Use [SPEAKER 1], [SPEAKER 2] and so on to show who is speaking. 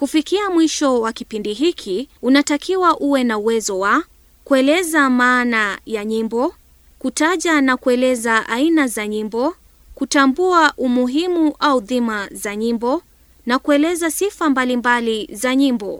[SPEAKER 1] Kufikia mwisho wa kipindi hiki, unatakiwa uwe na uwezo wa kueleza maana ya nyimbo, kutaja na kueleza aina za nyimbo, kutambua umuhimu au dhima za nyimbo na kueleza sifa
[SPEAKER 2] mbalimbali za nyimbo.